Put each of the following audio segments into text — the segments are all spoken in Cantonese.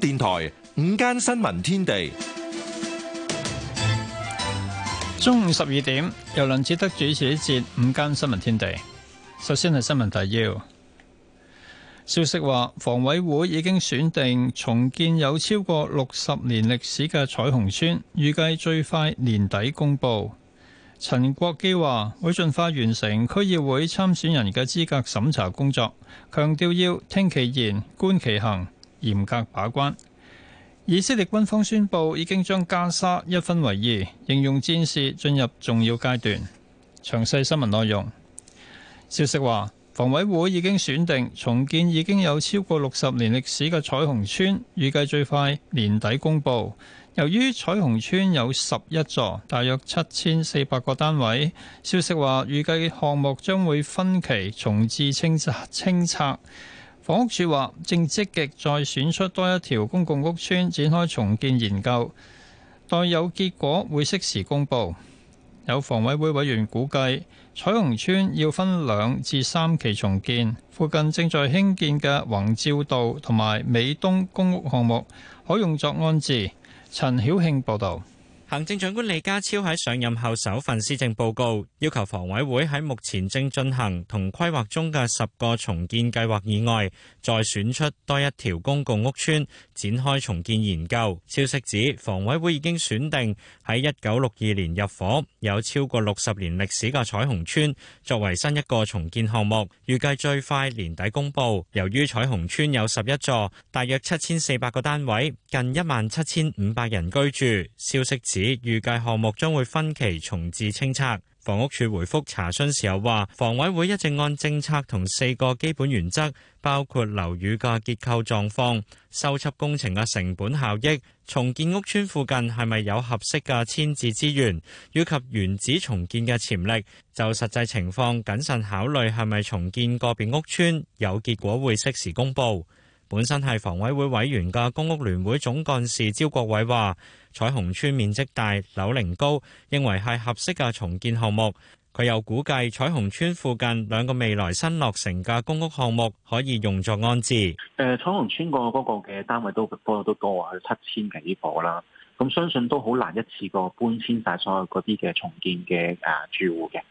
電台午間新聞天地，中午十二點由梁智德主持一節午間新聞天地。首先係新聞提要，消息話房委會已經選定重建有超過六十年歷史嘅彩虹村，預計最快年底公佈。陳國基話會盡快完成區議會參選人嘅資格審查工作，強調要聽其言，觀其行。嚴格把關。以色列軍方宣布已經將加沙一分為二，應用戰事進入重要階段。詳細新聞內容：消息話，房委會已經選定重建已經有超過六十年歷史嘅彩虹邨，預計最快年底公布。由於彩虹邨有十一座，大約七千四百個單位，消息話預計項目將會分期重置清拆。清拆房屋署話正積極再選出多一條公共屋邨展開重建研究，待有結果會適時公布。有房委會委員估計，彩虹邨要分兩至三期重建，附近正在興建嘅宏照道同埋美東公屋項目可用作安置。陳曉慶報導。行政長官李家超喺上任後首份施政報告要求房委會喺目前正進行同規劃中嘅十個重建計劃以外，再選出多一條公共屋邨展開重建研究。消息指房委會已經選定喺一九六二年入伙，有超過六十年歷史嘅彩虹邨作為新一個重建項目，預計最快年底公佈。由於彩虹邨有十一座，大約七千四百個單位，近一萬七千五百人居住。消息指，預計項目將會分期重置清拆。房屋署回覆查詢時候話，房委會一直按政策同四個基本原則，包括樓宇嘅結構狀況、修葺工程嘅成本效益、重建屋村附近係咪有合適嘅遷置資源，以及原址重建嘅潛力，就實際情況謹慎考慮係咪重建個別屋村，有結果會適時公布。本身係房委會委員嘅公屋聯會總幹事招國偉話：彩虹邨面積大、樓齡高，認為係合適嘅重建項目。佢又估計彩虹邨附近兩個未來新落成嘅公屋項目可以用作安置。誒、呃，彩虹邨個嗰個嘅單位都多都多啊，七千幾個啦。咁相信都好難一次過搬遷晒所有嗰啲嘅重建嘅誒住戶嘅。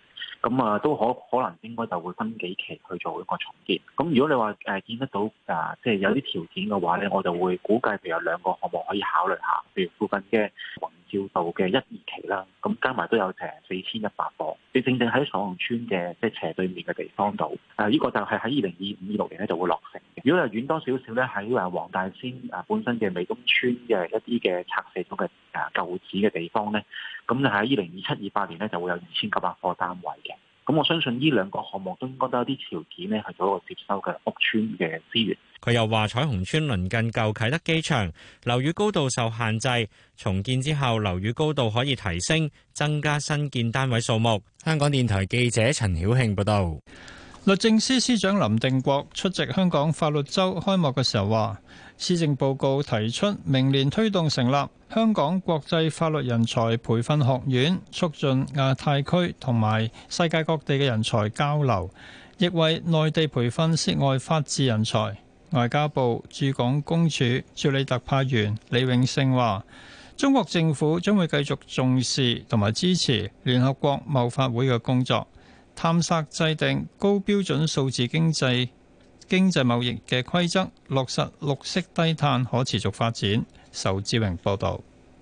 咁啊，都可可能應該就會分幾期去做一個重建。咁如果你話誒、呃、見得到啊、呃，即係有啲條件嘅話咧，我就會估計譬如有兩個項目可以考慮下，譬如附近嘅宏照道嘅一二期啦，咁、啊、加埋都有成四千一百個。你正正喺彩虹村嘅即係斜對面嘅地方度，誒、呃、依、這個就係喺二零二五、二六年咧就會落成嘅。如果係遠多少少咧，喺誒黃大仙啊本身嘅美東村嘅一啲嘅拆卸咗嘅誒舊址嘅地方咧，咁你喺二零二七、二八年咧就會有二千九百個單位。咁我相信呢兩個項目都應該都有啲條件咧，係嗰個接收嘅屋邨嘅資源。佢又話彩虹邨鄰近舊啟德機場樓宇高度受限制，重建之後樓宇高度可以提升，增加新建單位數目。香港電台記者陳曉慶報道。律政司司長林定國出席香港法律周開幕嘅時候話。施政報告提出明年推動成立香港國際法律人才培訓學院，促進亞太區同埋世界各地嘅人才交流，亦為內地培訓涉外法治人才。外交部駐港公署助理特派員李永勝話，中國政府將會繼續重視同埋支持聯合國貿法會嘅工作，探索制定高標準數字經濟、經濟貿易嘅規則，落實綠色低碳可持續發展。仇志榮報導。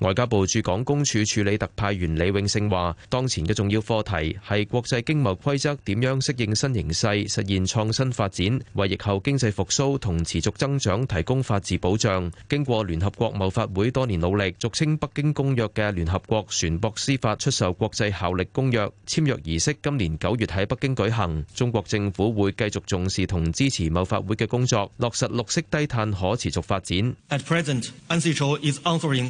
外交部駐港公署處理特派員李永勝話，當前嘅重要課題係國際經貿規則點樣適應新形勢，實現創新發展，為疫後經濟復甦同持續增長提供法治保障。經過聯合國貿法會多年努力，俗稱北京公約嘅聯合國船舶司法出售國際效力公約簽約儀式今年九月喺北京舉行。中國政府會繼續重視同支持貿法會嘅工作，落實綠色低碳可持續發展。At present, UNCTO is answering.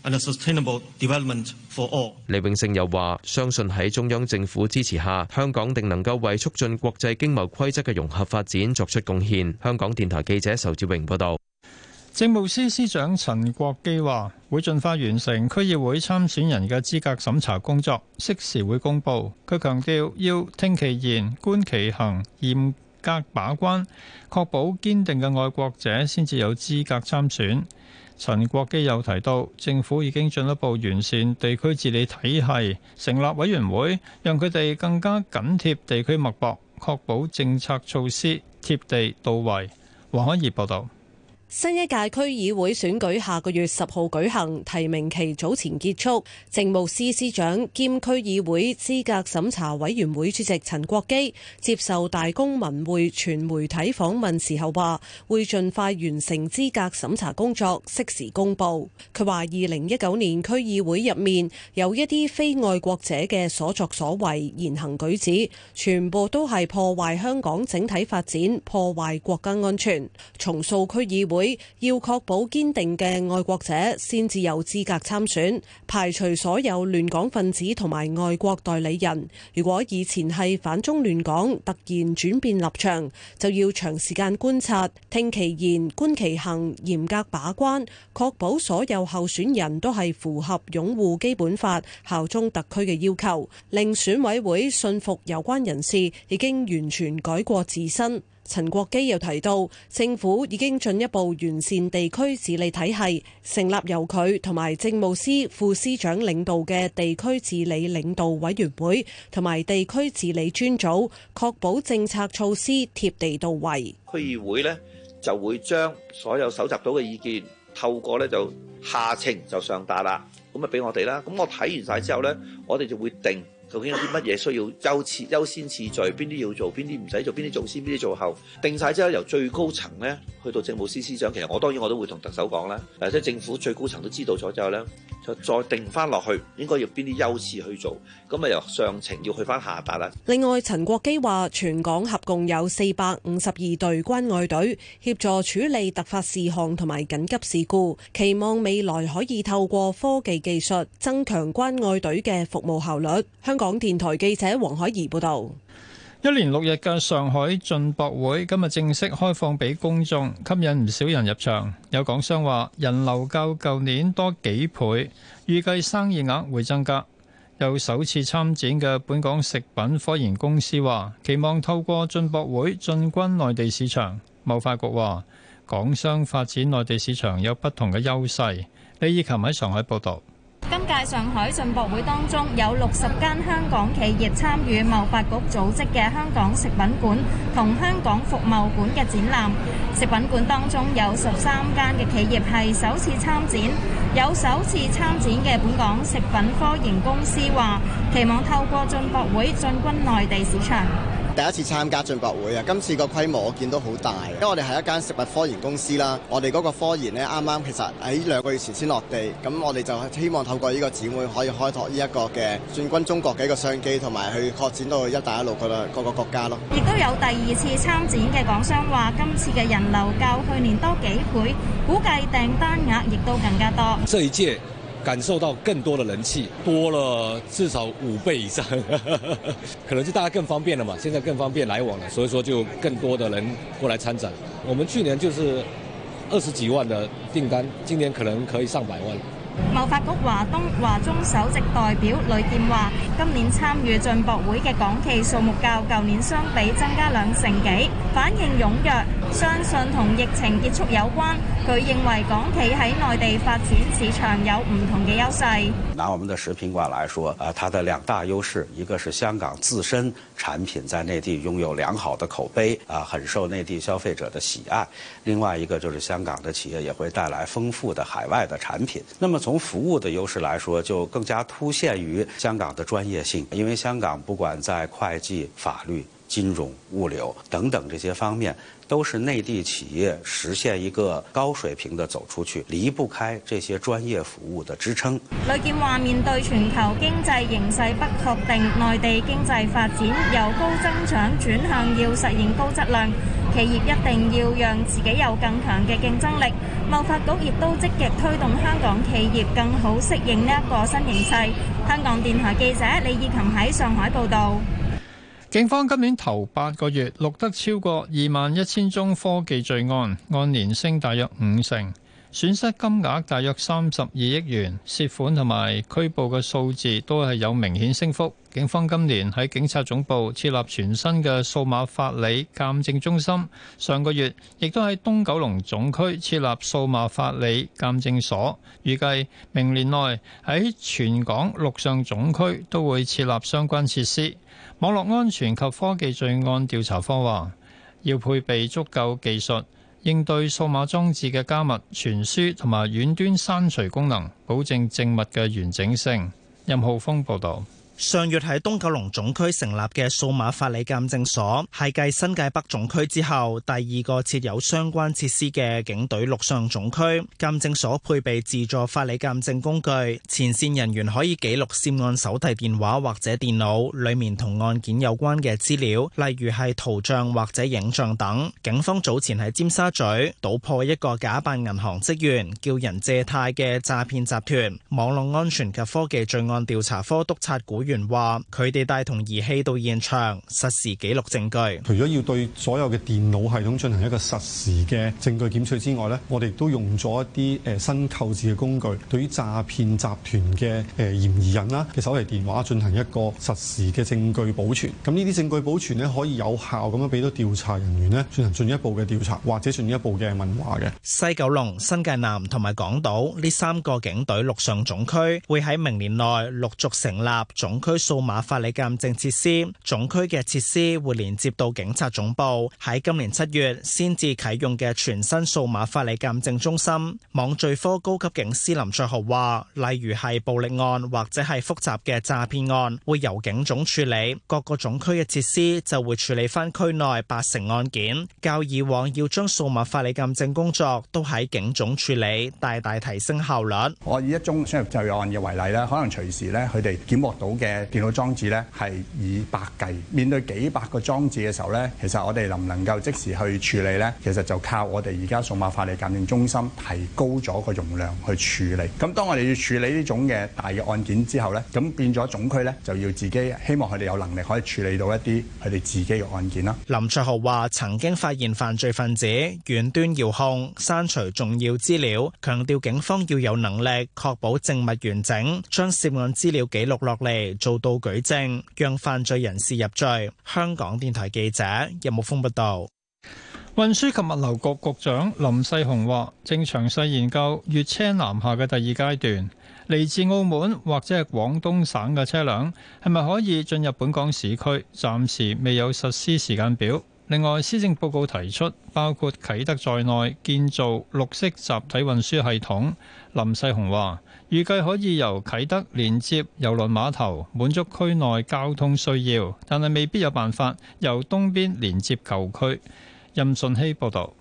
和可持續發展，for all。李永勝又話：相信喺中央政府支持下，香港定能夠為促進國際經貿規則嘅融合發展作出貢獻。香港電台記者仇志榮報道，政務司司長陳國基話：會盡快完成區議會參選人嘅資格審查工作，適時會公佈。佢強調要聽其言、觀其行，嚴格把關，確保堅定嘅愛國者先至有資格參選。陳國基又提到，政府已經進一步完善地區治理體系，成立委員會，讓佢哋更加緊貼地區脈搏，確保政策措施貼地到位。黃海怡報道。新一屆區議會選舉下個月十號舉行，提名期早前結束。政務司司長兼區議會資格審查委員會主席陳國基接受大公文匯全媒體訪問時候話，會盡快完成資格審查工作，適時公布。佢話：二零一九年區議會入面有一啲非愛國者嘅所作所為言行舉止，全部都係破壞香港整體發展，破壞國家安全，重塑區議會。要確保堅定嘅愛國者先至有資格參選，排除所有亂港分子同埋外國代理人。如果以前係反中亂港，突然轉變立場，就要長時間觀察，聽其言，觀其行，嚴格把關，確保所有候選人都係符合擁護基本法、效忠特區嘅要求，令選委會信服有關人士已經完全改過自新。陳國基又提到，政府已經進一步完善地區治理體系，成立由佢同埋政務司副司長領導嘅地區治理領導委員會同埋地區治理專組，確保政策措施貼地到位。區議會呢就會將所有搜集到嘅意見，透過呢就下情就上達啦，咁啊俾我哋啦。咁我睇完晒之後呢，我哋就會定。究竟有啲乜嘢需要優次優先次序？邊啲要做？邊啲唔使做？邊啲做先？邊啲做後？定晒之後，由最高層咧去到政務司司長，其實我當然我都會同特首講啦。誒，即係政府最高層都知道咗之後咧，就再定翻落去應該要邊啲優次去做。咁啊，由上程要去翻下達啦。另外，陳國基話，全港合共有四百五十二隊關愛隊協助處理突發事項同埋緊急事故，期望未來可以透過科技技術增強關愛隊嘅服務效率。香港電台記者黃海怡報道。一連六日嘅上海進博會今日正式開放俾公眾，吸引唔少人入場。有港商話，人流較舊年多幾倍，預計生意額會增加。有首次參展嘅本港食品科研公司話，期望透過進博會進軍內地市場。貿發局話，港商發展內地市場有不同嘅優勢。李以琴喺上海報道。今屆上海進博會當中，有六十間香港企業參與貿發局組織嘅香港食品館同香港服務館嘅展覽。食品館當中有十三間嘅企業係首次參展，有首次參展嘅本港食品科研公司話，期望透過進博會進軍內地市場。第一次參加進博會啊！今次個規模我見到好大，因為我哋係一間食物科研公司啦。我哋嗰個科研呢，啱啱其實喺兩個月前先落地，咁我哋就希望透過呢個展會可以開拓呢一個嘅進軍中國嘅一個商機，同埋去擴展到一帶一路各個國家咯。亦都有第二次參展嘅港商話，今次嘅人流較去年多幾倍，估計訂單額亦都更加多。所以，知。感受到更多的人氣，多了至少五倍以上， 可能就大家更方便了嘛，現在更方便來往了，所以說就更多的人過來參展。我們去年就是二十幾萬的訂單，今年可能可以上百萬。貿發局華東華中首席代表呂建華：今年參與進博會嘅港企數目較舊年相比增加兩成幾，反應踴躍。相信同疫情結束有關。佢認為港企喺內地發展市場有唔同嘅優勢。拿我們的食品館來說，啊，它的兩大優勢，一個是香港自身產品在內地擁有良好的口碑，啊，很受內地消費者的喜愛；另外一個就是香港的企業也會帶來豐富的海外的產品。那麼從從服務的優勢來說，就更加突現於香港的專業性，因為香港不管在會計、法律、金融、物流等等這些方面。都是內地企業實現一個高水平的走出去，離不開這些專業服務的支撐。李建華面對全球經濟形勢不確定，內地經濟發展由高增長轉向要實現高質量，企業一定要讓自己有更強嘅競爭力。貿發局亦都積極推動香港企業更好適應呢一個新形勢。香港電台記者李以琴喺上海報道。警方今年頭八個月錄得超過二萬一千宗科技罪案，按年升大約五成，損失金額大約三十二億元，涉款同埋拘捕嘅數字都係有明顯升幅。警方今年喺警察總部設立全新嘅數碼法理鑑證中心，上個月亦都喺東九龍總區設立數碼法理鑑證所，預計明年內喺全港陸上總區都會設立相關設施。網絡安全及科技罪案調查科話，要配備足夠技術應對數碼裝置嘅加密傳輸同埋遠端刪除功能，保證證物嘅完整性。任浩峰報道。上月喺東九龍總區成立嘅數碼法理鑑證所，係繼新界北總區之後第二個設有相關設施嘅警隊陸上總區。鑑證所配備自助法理鑑證工具，前線人員可以記錄涉案手提電話或者電腦裏面同案件有關嘅資料，例如係圖像或者影像等。警方早前喺尖沙咀搗破一個假扮銀行職員叫人借貸嘅詐騙集團。網絡安全及科技罪案調查科督察股，員話：佢哋帶同儀器到現場，實時記錄證據。除咗要對所有嘅電腦系統進行一個實時嘅證據檢取之外呢，我哋亦都用咗一啲誒新購置嘅工具，對於詐騙集團嘅誒嫌疑人啦嘅手提電話進行一個實時嘅證據保存。咁呢啲證據保存呢，可以有效咁樣俾到調查人員呢，進行進一步嘅調查或者進一步嘅問話嘅。西九龍、新界南同埋港島呢三個警隊陸上總區會喺明年內陸續成立總區數碼法理鑑證設施，總區嘅設施會連接到警察總部。喺今年七月先至啟用嘅全新數碼法理鑑證中心，網罪科高級警司林俊豪話，例如係暴力案或者係複雜嘅詐騙案，會由警總處理，各個總區嘅設施就會處理翻區內八成案件，較以往要將數碼法理鑑證工作都喺警總處理，大大提升效率。我以一宗商業罪案嘅為例啦，可能隨時咧佢哋檢獲到嘅，誒電腦裝置咧，係以百計面對幾百個裝置嘅時候呢，其實我哋能唔能夠即時去處理呢？其實就靠我哋而家數碼法理鑑定中心提高咗個容量去處理。咁當我哋要處理呢種嘅大嘅案件之後呢，咁變咗總區呢，就要自己希望佢哋有能力可以處理到一啲佢哋自己嘅案件啦。林卓豪話：曾經發現犯罪分子遠端遙控刪除重要資料，強調警方要有能力確保證物完整，將涉案資料記錄落嚟。做到舉證，讓犯罪人士入罪。香港電台記者任木峯報道。運輸及物流局局長林世雄話：正詳細研究粵車南下嘅第二階段，嚟自澳門或者係廣東省嘅車輛係咪可以進入本港市區？暫時未有實施時間表。另外，施政報告提出包括啟德在內建造綠色集體運輸系統。林世雄話。預計可以由啟德連接郵輪碼頭，滿足區內交通需要，但係未必有辦法由東邊連接舊區。任順熙報導。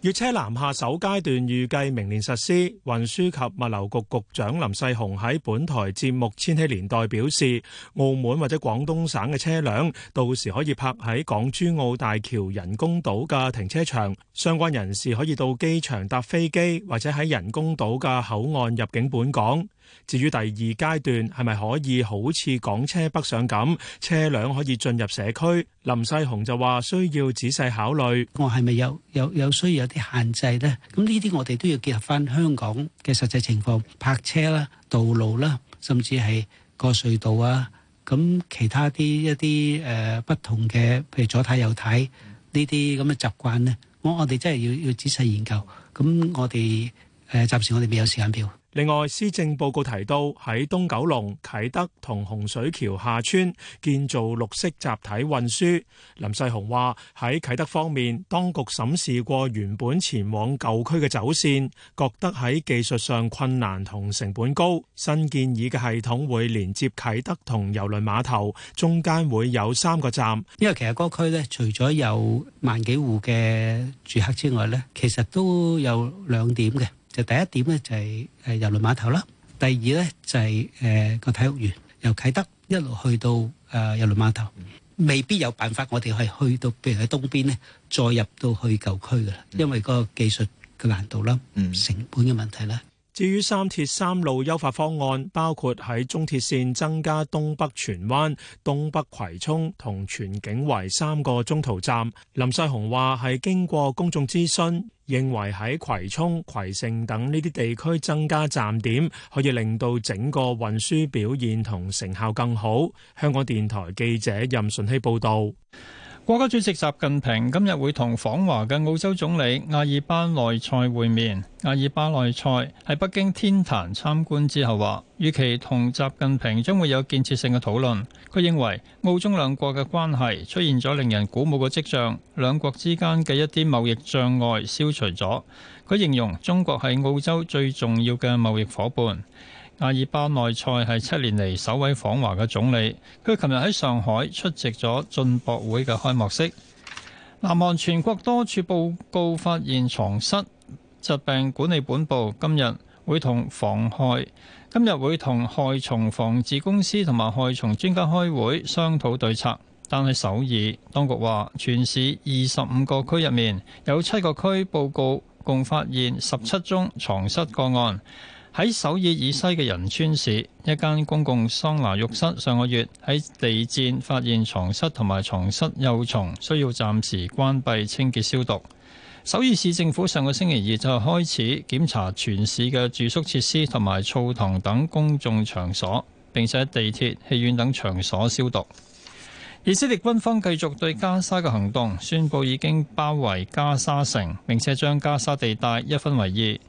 粵車南下首階段預計明年實施，運輸及物流局局長林世雄喺本台節目《千禧年代》表示，澳門或者廣東省嘅車輛到時可以泊喺港珠澳大橋人工島嘅停車場，相關人士可以到機場搭飛機，或者喺人工島嘅口岸入境本港。至於第二階段係咪可以好似港車北上咁，車輛可以進入社區？林世雄就話需要仔細考慮，我係咪有有有需要有啲限制呢？咁呢啲我哋都要結合翻香港嘅實際情況，泊車啦、道路啦，甚至係個隧道啊，咁其他啲一啲誒不同嘅，譬如左睇右睇呢啲咁嘅習慣呢，我我哋真係要要仔細研究。咁我哋誒暫時我哋未有時間表。另外，施政報告提到喺東九龍啟德同洪水橋廈村建造綠色集體運輸。林世雄話喺啟德方面，當局審視過原本前往舊區嘅走線，覺得喺技術上困難同成本高。新建議嘅系統會連接啟德同郵輪碼頭，中間會有三個站。因為其實嗰個區咧，除咗有萬幾戶嘅住客之外咧，其實都有兩點嘅。就第一點咧就係誒郵輪碼頭啦，第二咧就係誒個體育園由啟德一路去到誒郵輪碼頭，未必有辦法我哋係去到，譬如喺東邊咧，再入到去舊區㗎喇，因為個技術嘅難度啦，嗯，成本嘅問題啦。至於三鐵三路優化方案，包括喺中鐵線增加東北荃灣、東北葵涌同荃景圍三個中途站。林世雄話，係經過公眾諮詢，認為喺葵涌、葵盛等呢啲地區增加站點，可以令到整個運輸表現同成效更好。香港電台記者任順希報導。國家主席習近平今日會同訪華嘅澳洲總理阿爾巴內塞會面。阿爾巴內塞喺北京天壇參觀之後話，預期同習近平將會有建設性嘅討論。佢認為澳中兩國嘅關係出現咗令人鼓舞嘅跡象，兩國之間嘅一啲貿易障礙消除咗。佢形容中國係澳洲最重要嘅貿易夥伴。阿爾巴內塞係七年嚟首位訪華嘅總理，佢琴日喺上海出席咗進博會嘅開幕式。南韓全國多處報告發現床蝨，疾病管理本部今日會同防害今日會同害蟲防治公司同埋害蟲專家開會商討對策。但係首爾，當局話全市二十五個區入面有七個區報告，共發現十七宗床蝨個案。喺首爾以西嘅仁川市，一間公共桑拿浴室上個月喺地氈發現床蝨同埋床蝨幼蟲，需要暫時關閉清潔消毒。首爾市政府上個星期二就開始檢查全市嘅住宿設施同埋澡堂等公眾場所，並且喺地鐵、戲院等場所消毒。以色列軍方繼續對加沙嘅行動宣佈已經包圍加沙城，並且將加沙地帶一分為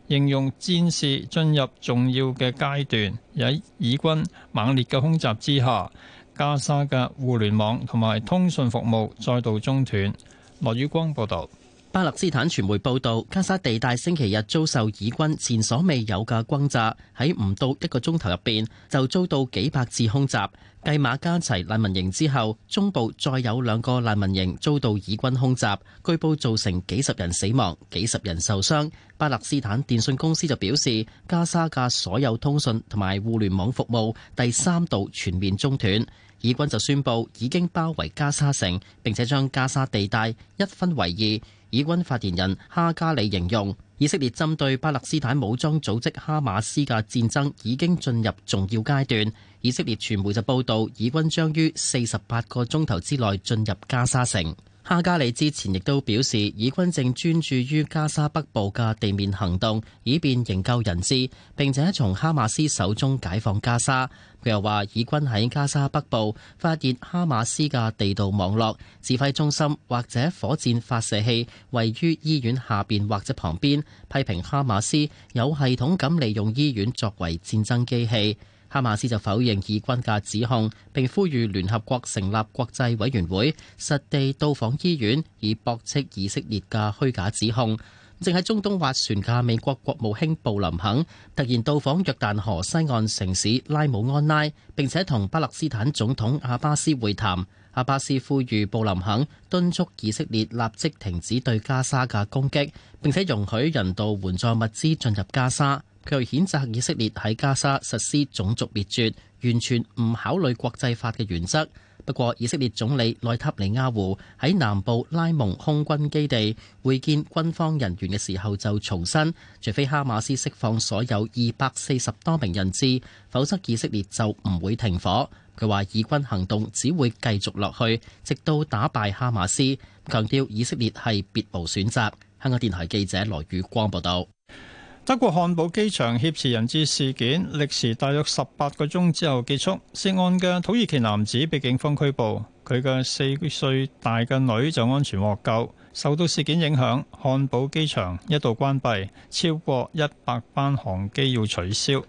二，形容戰事進入重要嘅階段。喺以軍猛烈嘅空襲之下，加沙嘅互聯網同埋通訊服務再度中斷。羅宇光報導。巴勒斯坦傳媒報導，加沙地帶星期日遭受以軍前所未有嘅轟炸，喺唔到一個鐘頭入邊就遭到幾百次空襲。繼馬加齊難民營之後，中部再有兩個難民營遭到以軍空襲，據報造成幾十人死亡、幾十人受傷。巴勒斯坦電信公司就表示，加沙嘅所有通訊同埋互聯網服務第三度全面中斷。以軍就宣佈已經包圍加沙城，並且將加沙地帶一分為二。以軍發言人哈加里形容，以色列針對巴勒斯坦武裝組織哈馬斯嘅戰爭已經進入重要階段。以色列傳媒就報道，以軍將於四十八個鐘頭之內進入加沙城。哈加里之前亦都表示，以軍正專注於加沙北部嘅地面行動，以便營救人質，並且從哈馬斯手中解放加沙。佢又話，以軍喺加沙北部發現哈馬斯嘅地道網絡、指揮中心或者火箭發射器，位於醫院下邊或者旁邊。批評哈馬斯有系統咁利用醫院作為戰爭機器。哈馬斯就否認以軍嘅指控，並呼籲聯合國成立國際委員會，實地到訪醫院，以駁斥以色列嘅虛假指控。正喺中東斡旋嘅美國國務卿布林肯突然到訪約旦河西岸城市拉姆安拉，並且同巴勒斯坦總統阿巴斯會談。阿巴斯呼籲布林肯敦促以色列立即停止對加沙嘅攻擊，並且容許人道援助物資進入加沙。佢譴責以色列喺加沙實施種族滅絕，完全唔考慮國際法嘅原則。不過，以色列總理內塔尼亞胡喺南部拉蒙空軍基地會見軍方人員嘅時候就重申，除非哈馬斯釋放所有二百四十多名人質，否則以色列就唔會停火。佢話以軍行動只會繼續落去，直到打敗哈馬斯，強調以色列係別無選擇。香港電台記者羅宇光報道。德國漢堡機場挾持人質事件歷時大約十八個鐘之後結束，涉案嘅土耳其男子被警方拘捕，佢嘅四歲大嘅女就安全獲救。受到事件影響，漢堡機場一度關閉，超過一百班航機要取消。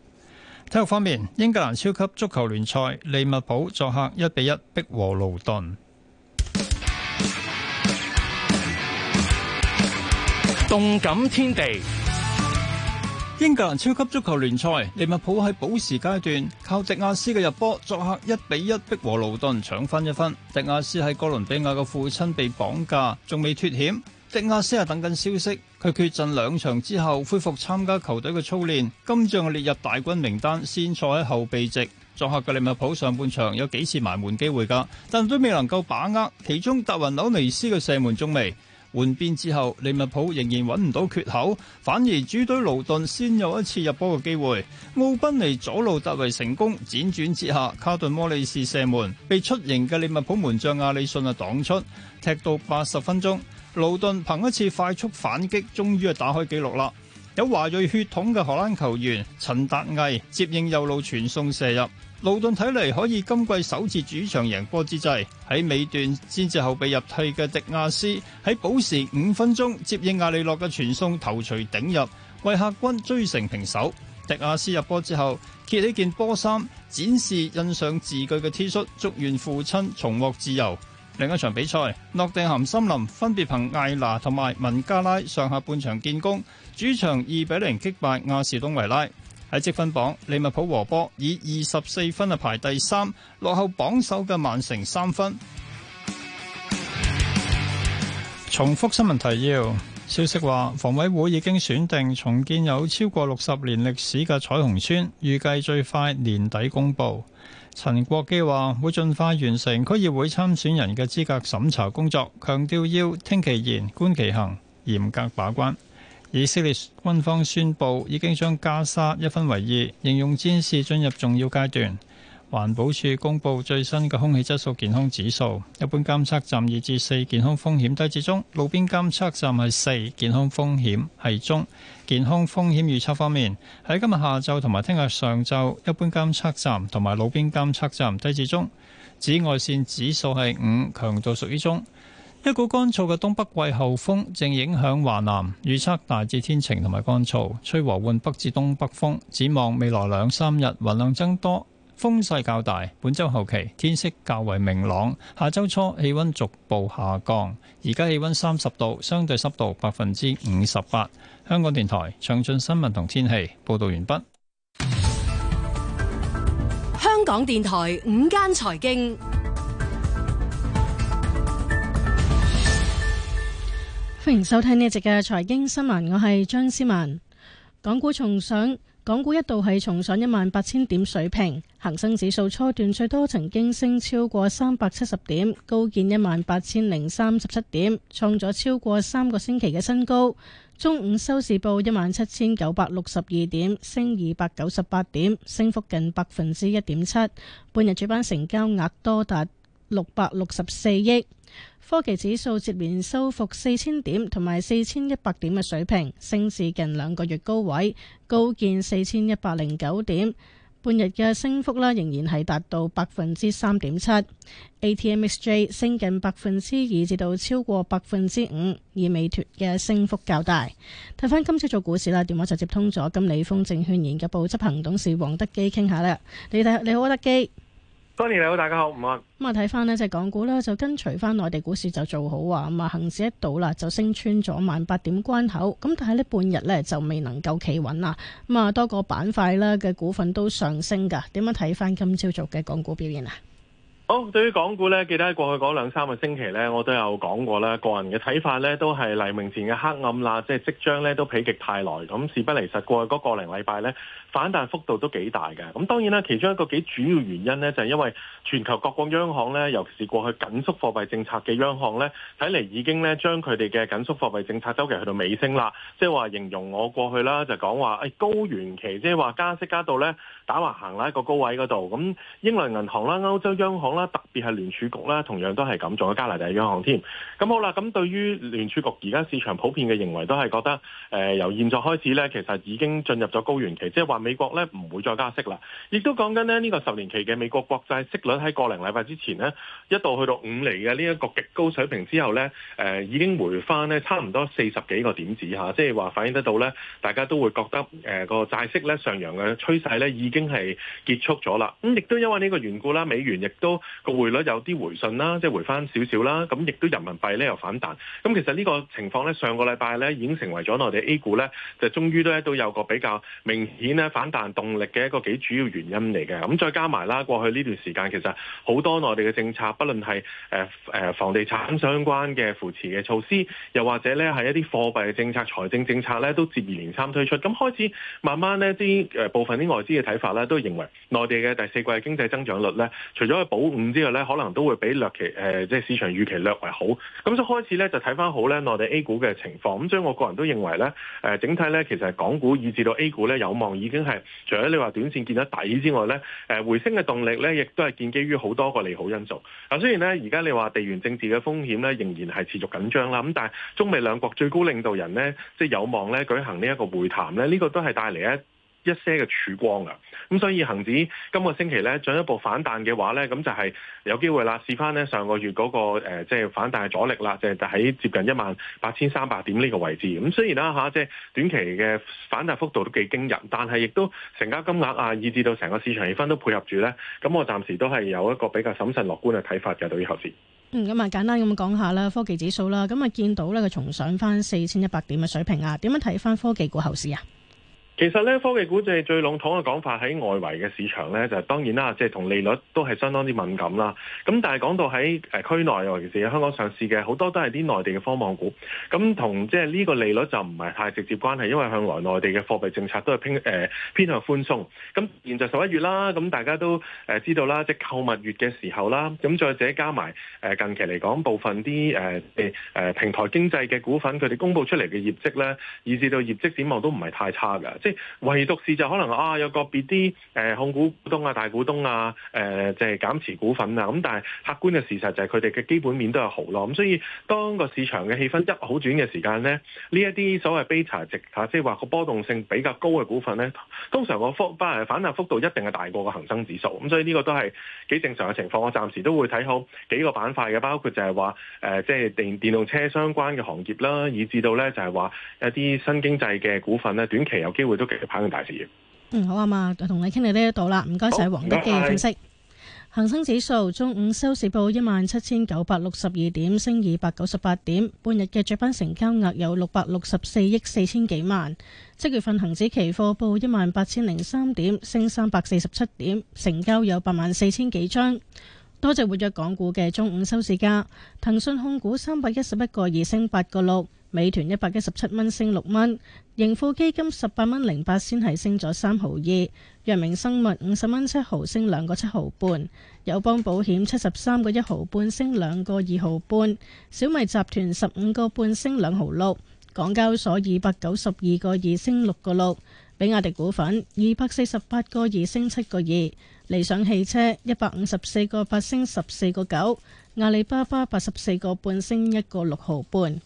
體育方面，英格蘭超級足球聯賽利物浦作客一比一逼和盧頓。動感天地。英格蘭超級足球聯賽，利物浦喺補時階段靠迪亞斯嘅入波，作客一比一逼和盧頓，搶分一分。迪亞斯喺哥倫比亞嘅父親被綁架，仲未脫險，迪亞斯係等緊消息。佢缺陣兩場之後，恢復參加球隊嘅操練，今仗列入大軍名單，先坐喺後備席。作客嘅利物浦上半場有幾次埋門機會㗎，但都未能夠把握。其中達雲紐尼斯嘅射門中楣。換邊之後，利物浦仍然搵唔到缺口，反而主隊盧頓先有一次入波嘅機會。奧賓尼佐路突圍成功，輾轉之下，卡頓摩利士射門被出營嘅利物浦門將阿里遜啊擋出，踢到八十分鐘，盧頓憑一次快速反擊，終於啊打開紀錄啦。有華裔血統嘅荷蘭球員陳達毅接應右路傳送射入。勞頓睇嚟可以今季首次主場贏波之際，喺尾段先至後備入替嘅迪亞斯喺補時五分鐘接應阿利洛嘅傳送頭槌頂入，為客軍追成平手。迪亞斯入波之後揭起件波衫展示印上字句嘅 T 恤，祝願父親重獲自由。另一場比賽，諾定含森林分別憑艾娜同埋文加拉上下半場建功，主場二比零擊敗亞士東維拉。喺積分榜，利物浦和波以二十四分啊排第三，落後榜首嘅曼城三分。重複新聞提要，消息話房委會已經選定重建有超過六十年歷史嘅彩虹村，預計最快年底公布。陳國基話會盡快完成區議會參選人嘅資格審查工作，強調要聽其言、觀其行，嚴格把關。以色列軍方宣布已經將加沙一分為二，形容戰事進入重要階段。環保署公布最新嘅空氣質素健康指數，一般監測站二至四健康風險低至中，路邊監測站係四健康風險係中。健康風險預測方面，喺今日下晝同埋聽日上晝，一般監測站同埋路邊監測站低至中，紫外線指數係五，強度屬於中。一股乾燥嘅東北季候風正影響華南，預測大致天晴同埋乾燥，吹和緩北至東北風。展望未來兩三日雲量增多，風勢較大。本週後期天色較為明朗，下周初氣温逐步下降。而家氣温三十度，相對濕度百分之五十八。香港電台詳盡新聞同天氣報導完畢。香港電台午間財經。歡迎收聽呢一節嘅財經新聞，我係張思文。港股重上，港股一度係重上一萬八千點水平，恒生指數初段最多曾經升超過三百七十點，高見一萬八千零三十七點，創咗超過三個星期嘅新高。中午收市報一萬七千九百六十二點，升二百九十八點，升幅近百分之一點七。半日主板成交額，額多達六百六十四億。科技指數接連收復四千點同埋四千一百點嘅水平，升至近兩個月高位，高見四千一百零九點。半日嘅升幅啦，仍然係達到百分之三點七。ATMXJ 升近百分之二至到超過百分之五，以美團嘅升幅較大。睇翻今朝早股市啦，電話就接通咗，金利豐證券研究部執行董事黃德基傾下啦。你睇你好，德基。多尼你好，大家好，唔好。咁啊，睇翻呢隻港股啦，就跟隨翻內地股市就做好啊。咁啊，恒指一度啦就升穿咗萬八點關口，咁但係呢半日呢，就未能夠企穩喇。咁啊，多個板塊呢嘅股份都上升噶。點樣睇翻今朝早嘅港股表現啊？好，對於港股咧，記得喺過去嗰兩三個星期咧，我都有講過咧，個人嘅睇法咧都係黎明前嘅黑暗啦，即係即將咧都否極泰來，咁事不離實過去嗰個零禮拜咧，反彈幅度都幾大嘅。咁當然啦，其中一個幾主要原因咧，就係因為全球各國央行咧，尤其是過去緊縮貨幣政策嘅央行咧，睇嚟已經咧將佢哋嘅緊縮貨幣政策週期去到尾聲啦，即係話形容我過去啦就講話誒高原期，即係話加息加到咧。打橫行啦，一、嗰個高位嗰度。咁英倫銀行啦、歐洲央行啦，特別係聯儲局啦，同樣都係咁做。加拿大央行添。咁好啦，咁對於聯儲局而家市場普遍嘅認為都係覺得，誒、呃、由現在開始咧，其實已經進入咗高原期，即係話美國咧唔會再加息啦。亦都講緊咧呢、呢個十年期嘅美國國債息率喺個零禮拜之前咧，一度去到五厘嘅呢一個極高水平之後咧，誒、呃、已經回翻咧差唔多四十幾個點子嚇，即係話反映得到咧，大家都會覺得誒、呃、個債息咧上揚嘅趨勢咧已經。已經係結束咗啦，咁亦都因為呢個緣故啦，美元亦都個匯率有啲回順啦，即係回翻少少啦，咁亦都人民幣咧又反彈。咁其實呢個情況咧，上個禮拜咧已經成為咗內地 A 股咧，就終於都咧都有個比較明顯咧反彈動力嘅一個幾主要原因嚟嘅。咁再加埋啦，過去呢段時間其實好多內地嘅政策，不論係誒誒房地產相關嘅扶持嘅措施，又或者咧係一啲貨幣政策、財政政策咧，都接二連三推出，咁開始慢慢呢，啲誒部分啲外資嘅睇法，咧都認為內地嘅第四季經濟增長率咧，除咗保五之外咧，可能都會比略期誒、呃，即係市場預期略為好。咁所以開始咧就睇翻好咧內地 A 股嘅情況。咁所以，我個人都認為咧，誒、呃、整體咧、呃、其實港股以至到 A 股咧有望已經係除咗你話短線見得底之外咧，誒、呃、回升嘅動力咧亦都係建基於好多個利好因素。嗱、啊，雖然咧而家你話地緣政治嘅風險咧仍然係持續緊張啦，咁、啊、但係中美兩國最高領導人咧即係有望咧舉行呢一個會談咧，呢、呢個都係帶嚟一一些嘅曙光啊，咁、嗯、所以恒指今個星期咧進一步反彈嘅話咧，咁就係有機會啦。試翻咧上個月嗰、那個即係、呃就是、反彈嘅阻力啦，就係、是、喺接近一萬八千三百點呢個位置。咁、嗯、雖然啦嚇，即、啊、係、就是、短期嘅反彈幅度都幾驚人，但係亦都成交金額啊，以至到成個市場氣氛都配合住咧。咁我暫時都係有一個比較審慎樂觀嘅睇法嘅對於後市。嗯，咁、嗯、啊簡單咁講下啦，科技指數啦，咁啊見到咧佢重上翻四千一百點嘅水平啊，點樣睇翻科技股後市啊？其實咧，科技股即係最籠統嘅講法，喺外圍嘅市場咧，就係當然啦，即係同利率都係相當之敏感啦。咁但係講到喺誒區內，尤其是香港上市嘅，好多都係啲內地嘅科網股。咁同即係呢個利率就唔係太直接關係，因為向來內地嘅貨幣政策都係偏誒偏向寬鬆。咁現在十一月啦，咁大家都誒知道啦，即係購物月嘅時候啦，咁再者加埋誒近期嚟講部分啲誒誒平台經濟嘅股份，佢哋公布出嚟嘅業績咧，以至到業績展望都唔係太差嘅，即唯獨是就可能啊，有個別啲誒、呃、控股股東啊、大股東啊，誒即係減持股份啊。咁但係客觀嘅事實就係佢哋嘅基本面都係好咯。咁所以當個市場嘅氣氛一好轉嘅時間咧，呢一啲所謂 beta 值嚇，即係話個波動性比較高嘅股份咧，通常個幅反彈幅度一定係大過個恒生指數。咁所以呢個都係幾正常嘅情況。我暫時都會睇好幾個板塊嘅，包括就係話誒，即、呃、係、就是、電電動車相關嘅行業啦，以至到咧就係話一啲新經濟嘅股份咧，短期有機會。都其實拋向大市嘅。嗯，好啊嘛，同你傾你呢一度啦，唔該晒，黃德基嘅分析：恒 生指數中午收市報一萬七千九百六十二點，升二百九十八點。半日嘅主板成交額有六百六十四億四千幾萬。七月份恒指期貨報一萬八千零三點，升三百四十七點，成交有八萬四千幾張。多隻活躍港股嘅中午收市價，騰訊控股三百一十一個二升八個六。美團一百一十七蚊升六蚊，盈富基金十八蚊零八先係升咗三毫二，藥明生物五十蚊七毫升兩個七毫半，友邦保險七十三個一毫半升兩個二毫半，小米集團十五個半升兩毫六，港交所二百九十二個二升六個六，比亞迪股份二百四十八個二升七個二，理想汽車一百五十四個八升十四個九，阿里巴巴八十四個半升一個六毫半。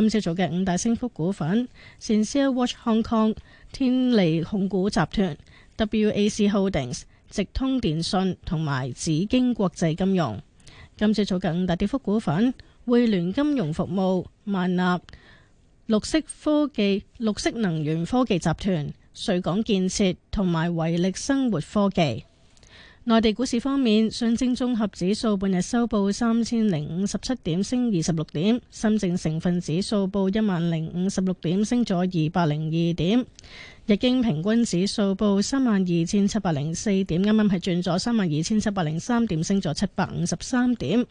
今朝早嘅五大升幅股份：Sincere Watch Hong Kong、天利控股集團、WAC Holdings、直通電信同埋紫荊國際金融。今朝早嘅五大跌幅股份：匯聯金融服務、萬立、綠色科技、綠色能源科技集團、瑞港建設同埋維力生活科技。內地股市方面，上證綜合指數半日收報三千零五十七點，升二十六點；深證成分指數報一萬零五十六點，升咗二百零二點；日經平均指數報三萬二千七百零四點，啱啱係轉咗三萬二千七百零三點，升咗七百五十三點。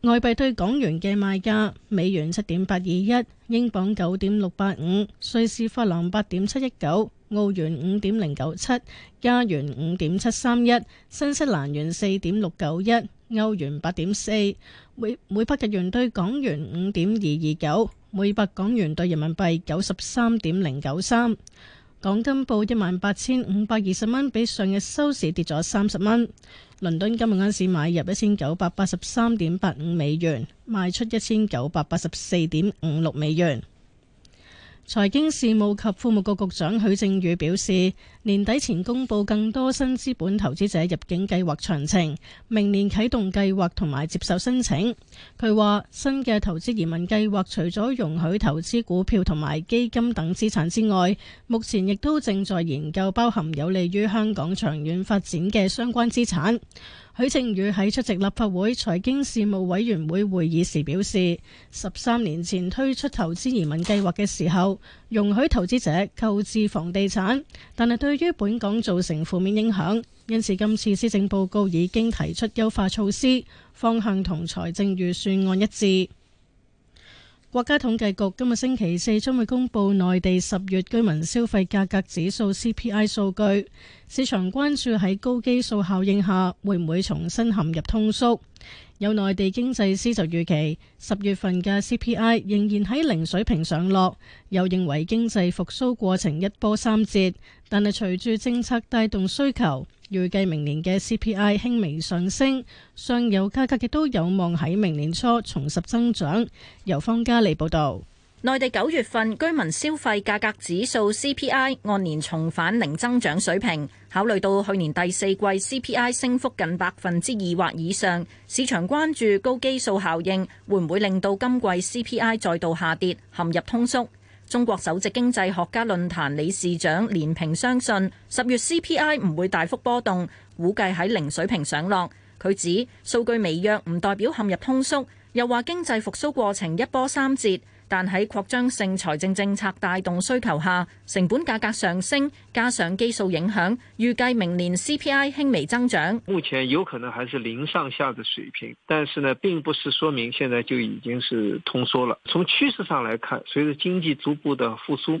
外幣對港元嘅賣價：美元七點八二一，英鎊九點六八五，瑞士法郎八點七一九。澳元五點零九七，加元五點七三一，新西蘭元四點六九一，歐元八點四，每每百日元兌港元五點二二九，每百港元兌人民幣九十三點零九三。港金報一萬八千五百二十蚊，比上日收市跌咗三十蚊。倫敦今日金市買入一千九百八十三點八五美元，賣出一千九百八十四點五六美元。財經事務及庫務局局長許正宇表示，年底前公布更多新資本投資者入境計劃詳情，明年啟動計劃同埋接受申請。佢話新嘅投資移民計劃除咗容許投資股票同埋基金等資產之外，目前亦都正在研究包含有利於香港長遠發展嘅相關資產。許正宇喺出席立法會財經事務委員會會議時表示，十三年前推出投資移民計劃嘅時候，容許投資者購置房地產，但係對對於本港造成負面影響，因此今次施政報告已經提出優化措施，方向同財政預算案一致。國家統計局今日星期四將會公布內地十月居民消費價格指數 （CPI） 數據，市場關注喺高基數效應下會唔會重新陷入通縮。有內地經濟師就預期十月份嘅 CPI 仍然喺零水平上落，又認為經濟復甦過程一波三折，但係隨住政策帶動需求，預計明年嘅 CPI 輕微上升，上游價格亦都有望喺明年初重拾增長。由方嘉利報導。內地九月份居民消費價格指數 CPI 按年重返零增長水平。考慮到去年第四季 CPI 升幅近百分之二或以上，市場關注高基數效應會唔會令到今季 CPI 再度下跌，陷入通縮。中國首席經濟學家論壇理事長連平相信十月 CPI 唔會大幅波動，估計喺零水平上落。佢指數據微弱唔代表陷入通縮，又話經濟復甦過程一波三折。但喺擴張性財政政策帶動需求下，成本價格上升，加上基數影響，預計明年 CPI 輕微增長。目前有可能還是零上下的水平，但是呢，並不是說明現在就已經是通縮了。從趨勢上來看，隨著經濟逐步的復甦。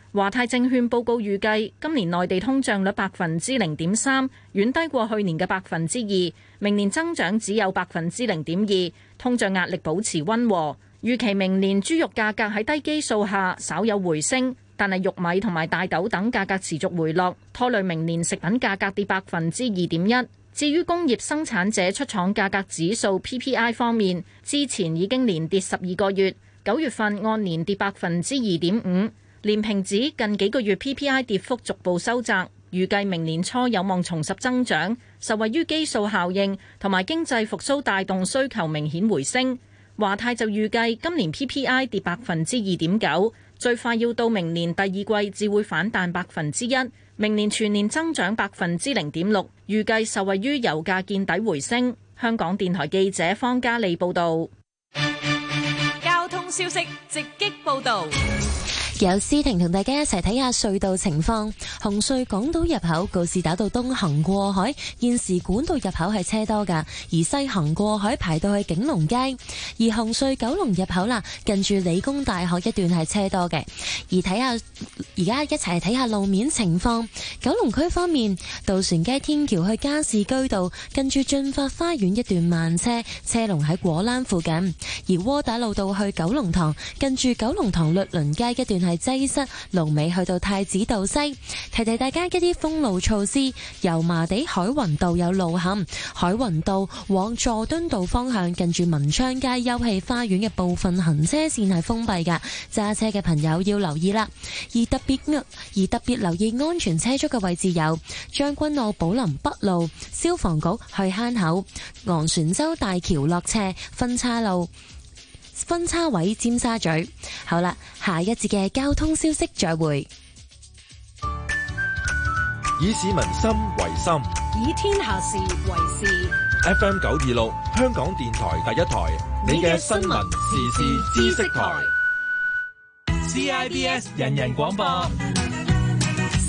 華泰證券報告預計，今年內地通脹率百分之零點三，遠低過去年嘅百分之二。明年增長只有百分之零點二，通脹壓力保持溫和。預期明年豬肉價格喺低基數下稍有回升，但係玉米同埋大豆等價格持續回落，拖累明年食品價格跌百分之二點一。至於工業生產者出廠價格指數 （PPI） 方面，之前已經連跌十二個月，九月份按年跌百分之二點五。連平指近幾個月 PPI 跌幅逐步收窄，預計明年初有望重拾增長，受惠於基數效應同埋經濟復甦帶動需求明顯回升。華泰就預計今年 PPI 跌百分之二點九，最快要到明年第二季至會反彈百分之一，明年全年增長百分之零點六，預計受惠於油價見底回升。香港電台記者方嘉莉報道。交通消息直擊報導。有詩婷同大家一齊睇下隧道情況，紅隧港島入口告士打道東行過海，現時管道入口係車多噶，而西行過海排到去景隆街。而紅隧九龍入口啦，近住理工大學一段係車多嘅。而睇下而家一齊睇下路面情況，九龍區方面，渡船街天橋去加士居道，近住駿發花園一段慢車，車龍喺果欄附近。而窩打老道去九龍塘，近住九龍塘律倫街一段係。擠塞，龍尾去到太子道西，提提大家一啲封路措施。油麻地海雲道有路陷，海雲道往佐敦道方向近住文昌街休憩花園嘅部分行車線係封閉㗎，揸車嘅朋友要留意啦。而特別而特別留意安全車速嘅位置有將軍澳寶林北路、消防局去坑口昂船洲大橋落斜分岔路。分叉位、尖沙咀，好啦，下一節嘅交通消息再會。以市民心為心，以天下事為事。FM 九二六，香港電台第一台，你嘅新聞時事知識台。CIBS 人人廣播。